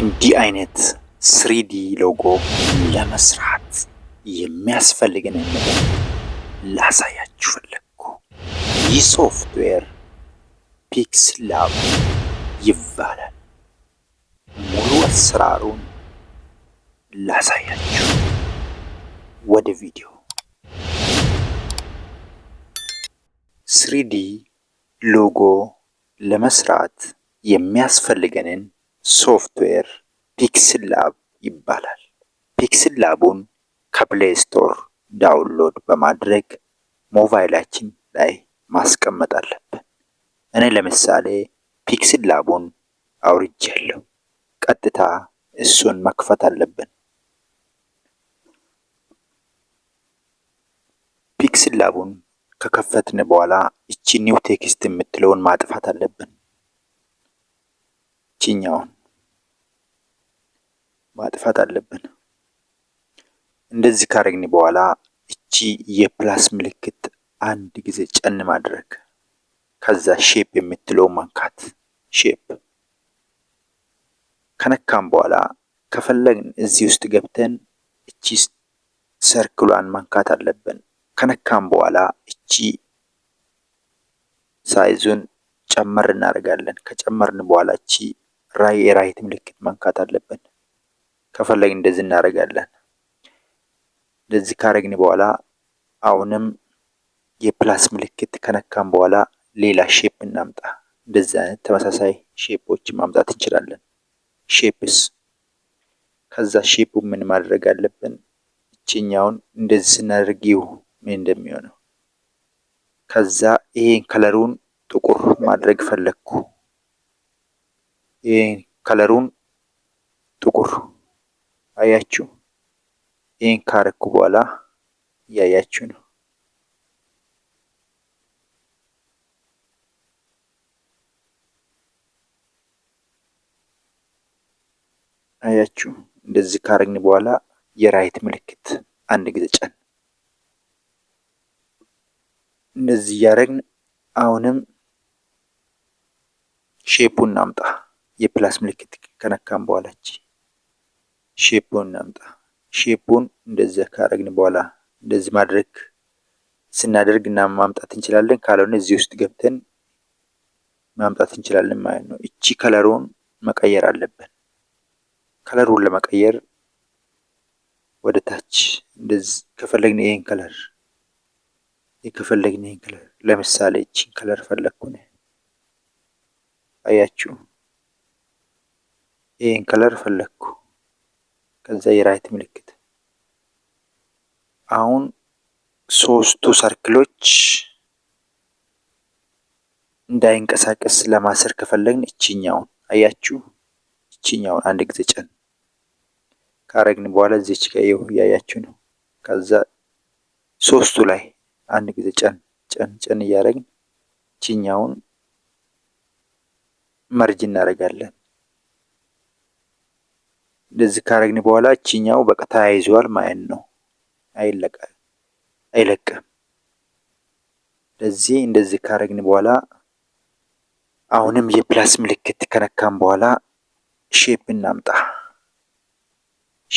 እንዲህ አይነት ስሪዲ ሎጎ ለመስራት የሚያስፈልገን ነገር ላሳያችሁ ፈለግኩ። ይህ ሶፍትዌር ፒክስ ላብ ይባላል። ሙሉ አሰራሩን ላሳያችሁ ወደ ቪዲዮ ስሪዲ ሎጎ ለመስራት የሚያስፈልገንን ሶፍትዌር ፒክስል ላብ ይባላል። ፒክስል ላቡን ከፕሌይ ስቶር ዳውንሎድ በማድረግ ሞባይላችን ላይ ማስቀመጥ አለብን። እኔ ለምሳሌ ፒክስል ላቡን አውርጃለሁ። ቀጥታ እሱን መክፈት አለብን። ፒክስል ላቡን ከከፈትን በኋላ እቺ ኒው ቴክስት የምትለውን ማጥፋት አለብን። ችኛውን ማጥፋት አለብን። እንደዚህ ካረግን በኋላ እቺ የፕላስ ምልክት አንድ ጊዜ ጨን ማድረግ፣ ከዛ ሼፕ የምትለው ማንካት። ሼፕ ከነካም በኋላ ከፈለግን እዚህ ውስጥ ገብተን እቺ ሰርክሏን ማንካት አለብን። ከነካም በኋላ እቺ ሳይዙን ጨመር እናደርጋለን። ከጨመርን በኋላ እቺ ራይ የራይት ምልክት ማንካት አለብን። ከፈለግ እንደዚህ እናደርጋለን። እንደዚህ ካረግን በኋላ አሁንም የፕላስ ምልክት ከነካም በኋላ ሌላ ሼፕ እናምጣ። እንደዚህ አይነት ተመሳሳይ ሼፖች ማምጣት እንችላለን። ሼፕስ ከዛ ሼፑ ምን ማድረግ አለብን? ይችኛውን እንደዚህ ስናደርግ ይሁ ምን እንደሚሆነው ከዛ ይሄን ከለሩን ጥቁር ማድረግ ፈለግኩ። ይሄን ከለሩን ጥቁር አያችሁ። ይህን ካረኩ በኋላ እያያችሁ ነው። አያችሁ እንደዚህ ካረግን በኋላ የራይት ምልክት አንድ ጊዜ ጫን። እንደዚህ እያረግን አሁንም ሼፑን አምጣ የፕላስ ምልክት ከነካም በኋላች ሼፑን እናምጣ። ሼፑን እንደዚህ ካረግን በኋላ እንደዚህ ማድረግ ስናደርግ እና ማምጣት እንችላለን። ካልሆነ እዚህ ውስጥ ገብተን ማምጣት እንችላለን ማለት ነው። እቺ ከለሩን መቀየር አለብን። ከለሩን ለመቀየር ወደ ታች እንደዚህ ከፈለግን ይሄን ከለር ከፈለግን ይሄን ከለር ለምሳሌ እቺን ከለር ፈለግኩ አያችሁ፣ ይሄን ከለር ፈለግኩ ከዛ የራይት ምልክት። አሁን ሶስቱ ሰርክሎች እንዳይንቀሳቀስ ለማሰር ከፈለግን እችኛውን አያችሁ፣ እችኛውን አንድ ጊዜ ጨን ካረግን በኋላ እዚች ጋ ይኸው እያያችሁ ነው። ከዛ ሶስቱ ላይ አንድ ጊዜ ጨን ጨን ጨን እያደረግን እችኛውን መርጅ እናደርጋለን። እንደዚህ ካረግን በኋላ እችኛው በቃ ተያይዟል ማለት ነው። አይለቀም። ለዚህ እንደዚህ ካረግን በኋላ አሁንም የፕላስ ምልክት ከነካም በኋላ ሼፕ እናምጣ።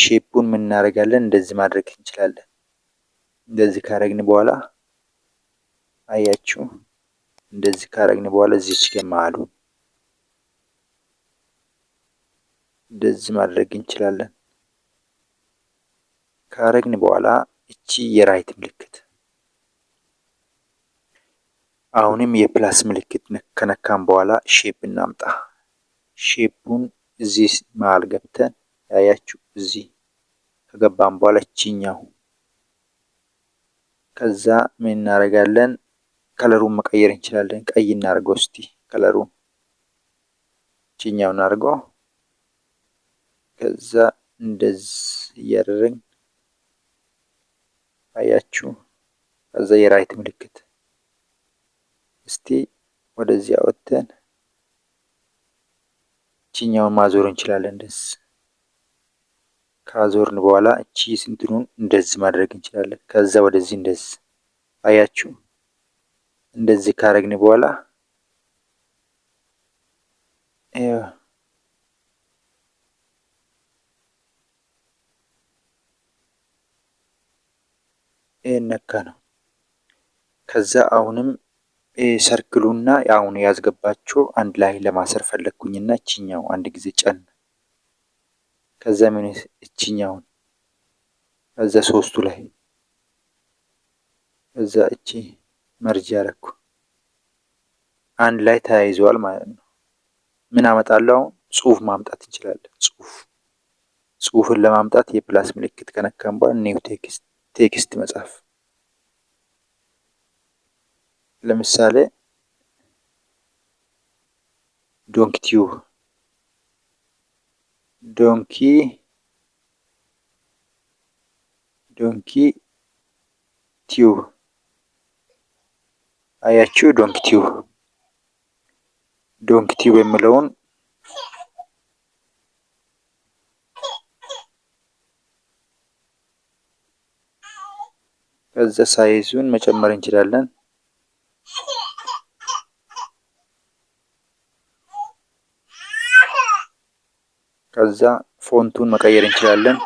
ሼፑን ምን እናደርጋለን? እንደዚህ ማድረግ እንችላለን። እንደዚህ ካረግን በኋላ አያችሁ፣ እንደዚህ ካረግን በኋላ እዚች ገማሉ እንደዚህ ማድረግ እንችላለን። ካረግን በኋላ እቺ የራይት ምልክት አሁንም የፕላስ ምልክት ከነካም በኋላ ሼፕ እናምጣ። ሼፑን እዚህ መሀል ገብተን ያያችሁ እዚህ ከገባም በኋላ እቺኛው ከዛ ምን እናደርጋለን? ከለሩን መቀየር እንችላለን። ቀይ እናደርገው እስቲ ከለሩን እቺኛውን እናደርገው ከዛ እንደዚህ እያደረግን አያችሁ። ከዛ የራይት ምልክት እስቲ ወደዚህ አወጥተን እችኛውን ማዞር እንችላለን። ደስ ካዞርን በኋላ እቺ ስንትኑን እንደዚህ ማድረግ እንችላለን። ከዛ ወደዚህ እንደዚህ አያችሁ። እንደዚህ ካረግን በኋላ ነካ ነው። ከዛ አሁንም ሰርክሉና አሁን ያስገባችው አንድ ላይ ለማሰር ፈለግኩኝና እችኛው አንድ ጊዜ ጨን ከዛ ምን እችኛውን ከዛ ሶስቱ ላይ ከዛ እቺ መርጅ ያረኩ አንድ ላይ ተያይዘዋል ማለት ነው። ምን አመጣለሁ? አሁን ጽሁፍ ማምጣት እንችላለን። ጽሁፍ ጽሁፍን ለማምጣት የፕላስ ምልክት ከነካም በኋላ ኒው ቴክስት ቴክስት መጻፍ ለምሳሌ ዶንኪቲዩ ዶንኪ ዶንኪ ቲዩ አያችሁ ዶንኪቲዩ ዶንኪቲዩ የሚለውን ከዛ ሳይዙን መጨመር እንችላለን። ከዛ ፎንቱን መቀየር እንችላለን።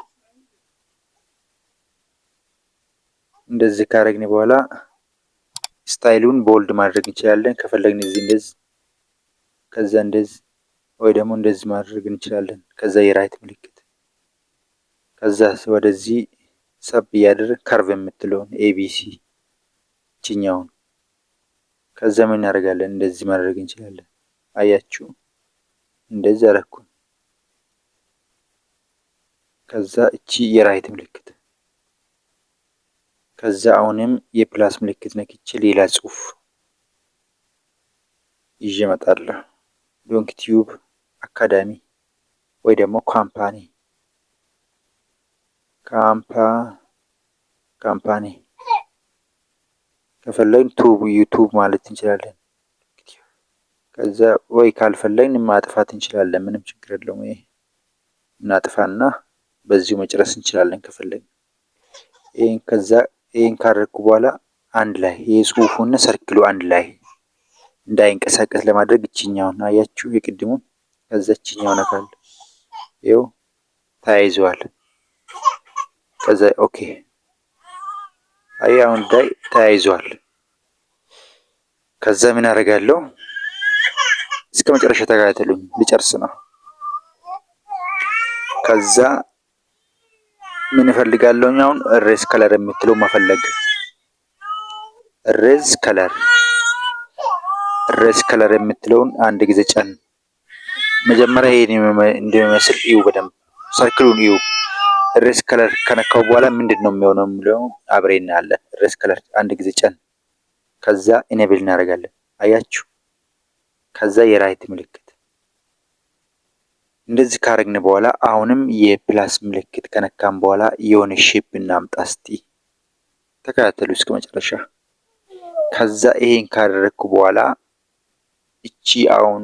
እንደዚህ ካረግን በኋላ ስታይሉን ቦልድ ማድረግ እንችላለን። ከፈለግን እዚህ እንደዚህ ከዛ እንደዚህ ወይ ደግሞ እንደዚህ ማድረግ እንችላለን። ከዛ የራይት ምልክት ከዛ ወደዚህ ሰብ እያደረግ ከርቭ የምትለውን ኤቢሲ ችኛውን ከዛ ምን እናደርጋለን? እንደዚህ ማድረግ እንችላለን። አያችሁ እንደዚህ አረኩን። ከዛ እቺ የራይት ምልክት ከዛ አሁንም የፕላስ ምልክት ነክቼ ሌላ ጽሁፍ ይዤ እመጣለሁ። ዶንክ ቲዩብ አካዳሚ ወይ ደግሞ ካምፓኒ ካምፓኒ ከፈለግን ቱብ ዩቱብ ማለት እንችላለን። ከዛ ወይ ካልፈለግን ማጥፋት እንችላለን። ምንም ችግር የለውም። ይሄ እናጥፋና በዚሁ መጨረስ እንችላለን ከፈለግን። ይህን ከዛ ይህን ካደረግኩ በኋላ አንድ ላይ የጽሁፉና ሰርክሉ አንድ ላይ እንዳይንቀሳቀስ ለማድረግ እችኛውን አያችሁ፣ የቅድሙን ከዛ እችኛውን ነካል። ይው ተያይዘዋል። ከዛ ኦኬ አይ አሁን ላይ ተያይዟል። ከዛ ምን አደርጋለሁ? እስከ መጨረሻ ተከታተሉኝ፣ ልጨርስ ነው። ከዛ ምን እፈልጋለሁ? አሁን ሬስ ከለር የምትለው መፈለግ እሬዝ ከለር እሬዝ ከለር የምትለውን አንድ ጊዜ ጫን። መጀመሪያ ይሄን እንደሚመስል እዩ፣ በደንብ ሰርክሉን እዩ። ሬስ ከለር ከነካው በኋላ ምንድን ነው የሚሆነው የሚለው አብሬ እናያለን። ሬስ ከለር አንድ ጊዜ ጨን፣ ከዛ ኢኔብል እናደርጋለን። አያችሁ፣ ከዛ የራይት ምልክት እንደዚህ ካረግን በኋላ አሁንም የፕላስ ምልክት ከነካም በኋላ የሆነ ሼፕ እናምጣ እስቲ ተከታተሉ እስከ መጨረሻ። ከዛ ይሄን ካደረግኩ በኋላ እቺ አሁን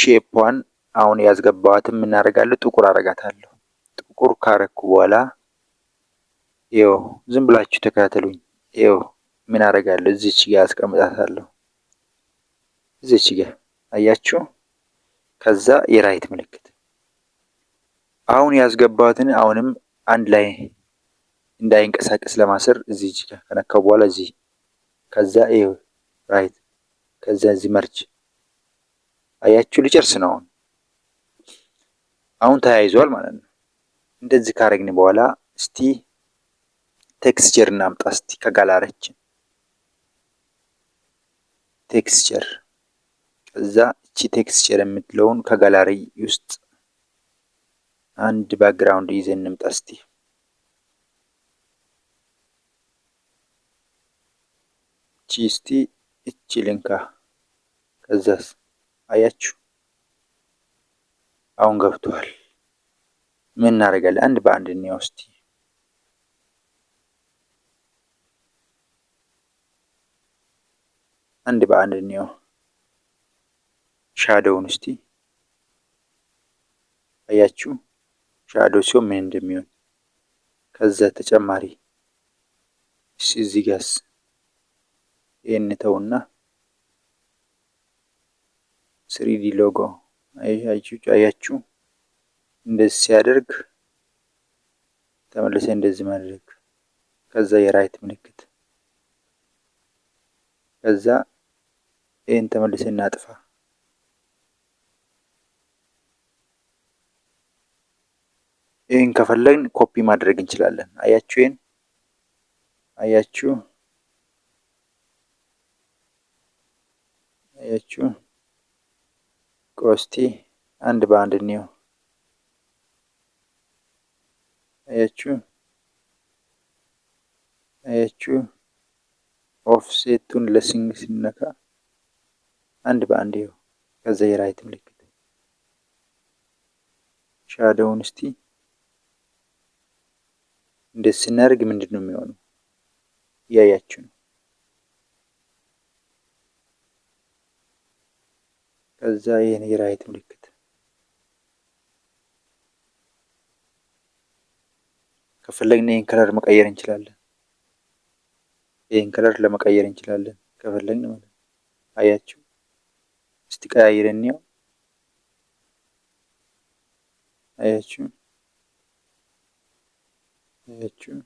ሼፕዋን አሁን ያስገባዋትም እናደርጋለን ጥቁር አረጋታለሁ። ቁር ካረኩ በኋላ ይኸው ዝም ብላችሁ ተከታተሉኝ። ይኸው ምን አደርጋለሁ? እዚች ጋር አስቀምጣታለሁ። እዚች ጋር አያችሁ። ከዛ የራይት ምልክት አሁን ያስገባትን አሁንም አንድ ላይ እንዳይንቀሳቀስ ለማሰር እዚች ጋር ከነካው በኋላ እዚህ ከዛ ይኸው ራይት ከዛ እዚህ መርጅ አያችሁ። ልጨርስ ነው አሁን አሁን ተያይዟል ማለት ነው። እንደዚህ ካረግን በኋላ እስቲ ቴክስቸር እናምጣ። እስቲ ከጋላረች ቴክስቸር ከዛ እቺ ቴክስቸር የምትለውን ከጋላሪ ውስጥ አንድ ባክግራውንድ ይዘን እንምጣ እስቲ እቺ እስቲ እቺ ልንካ። ከዛስ አያችሁ አሁን ገብቷል። ምን እናደርጋለን አንድ በአንድ እንየው እስኪ። አንድ በአንድ እንየው ሻዶውን እስቲ አያችሁ፣ ሻዶው ሲሆን ምን እንደሚሆን ከዛ ተጨማሪ እዚህ ጋስ ይሄን ተውና ስሪዲ ሎጎ አያችሁ እንደዚህ ሲያደርግ ተመልሰ እንደዚህ ማድረግ፣ ከዛ የራይት ምልክት፣ ከዛ ይህን ተመልሰ እናጥፋ። ይህን ከፈለግን ኮፒ ማድረግ እንችላለን። አያችሁ፣ ይህን አያችሁ፣ አያችሁ። ቆስቲ አንድ በአንድ እንየው። አያችሁ አያችሁ ኦፍሴቱን ለሲንግ ሲነካ አንድ በአንድ ይኸው ከዛ የራይት ምልክት ሻደውን እስቲ እንዴት ስናደርግ ምንድን ነው የሚሆነው? እያያችሁ ነው። ከዛ ይህን የራይት ምልክት ከፈለግን ይህን ከለር መቀየር እንችላለን። ይህን ከለር ለመቀየር እንችላለን ከፈለግን ማለት ነው። አያችሁ እስቲ ቀያይረን እንየው። አያችሁ አያችሁ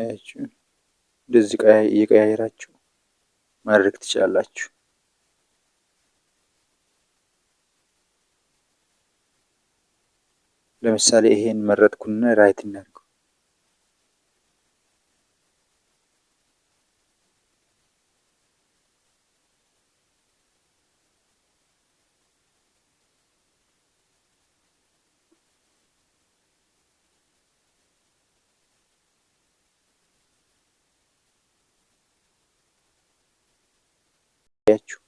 አያችሁ እንደዚህ እየቀያየራችሁ ማድረግ ትችላላችሁ። ለምሳሌ ይሄን መረጥኩና ራይት እናድርገው። ያችሁ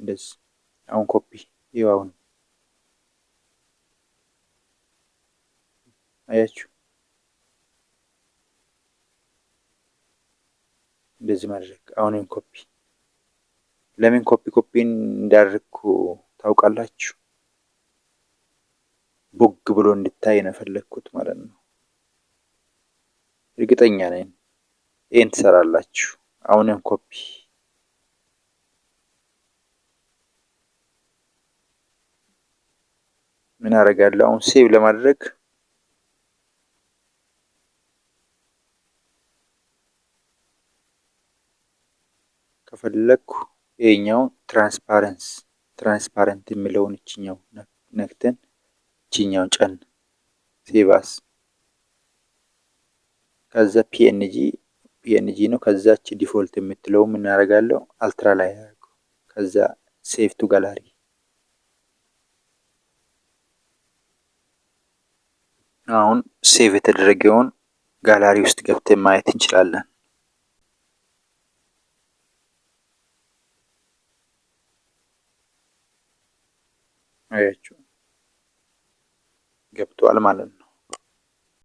እንደዚህ አሁን ኮፒ ይኸው አሁን አያችሁ። እንደዚህ ማድረግ አሁን ኮፒ ለምን ኮፒ ኮፒን እንዳደረግኩ ታውቃላችሁ? ቦግ ብሎ እንድታይ ነው የፈለግኩት ማለት ነው። እርግጠኛ ነኝ ይህን ትሰራላችሁ። አሁንም ኮፒ ምን አደርጋለሁ አሁን ሴቭ ለማድረግ ከፈለግኩ ይሄኛው ትራንስፓረንስ ትራንስፓረንት የሚለውን እችኛው ነክተን እችኛው ጨን ሴቫስ ከዛ ፒኤንጂ ፒኤንጂ ነው። ከዛች ዲፎልት የምትለው የምናደርጋለው አልትራ ላይ ያደርገው ከዛ ሴፍቱ ጋላሪ አሁን ሴቭ የተደረገውን ጋላሪ ውስጥ ገብተን ማየት እንችላለን። አያቸው ገብቷል ማለት ነው።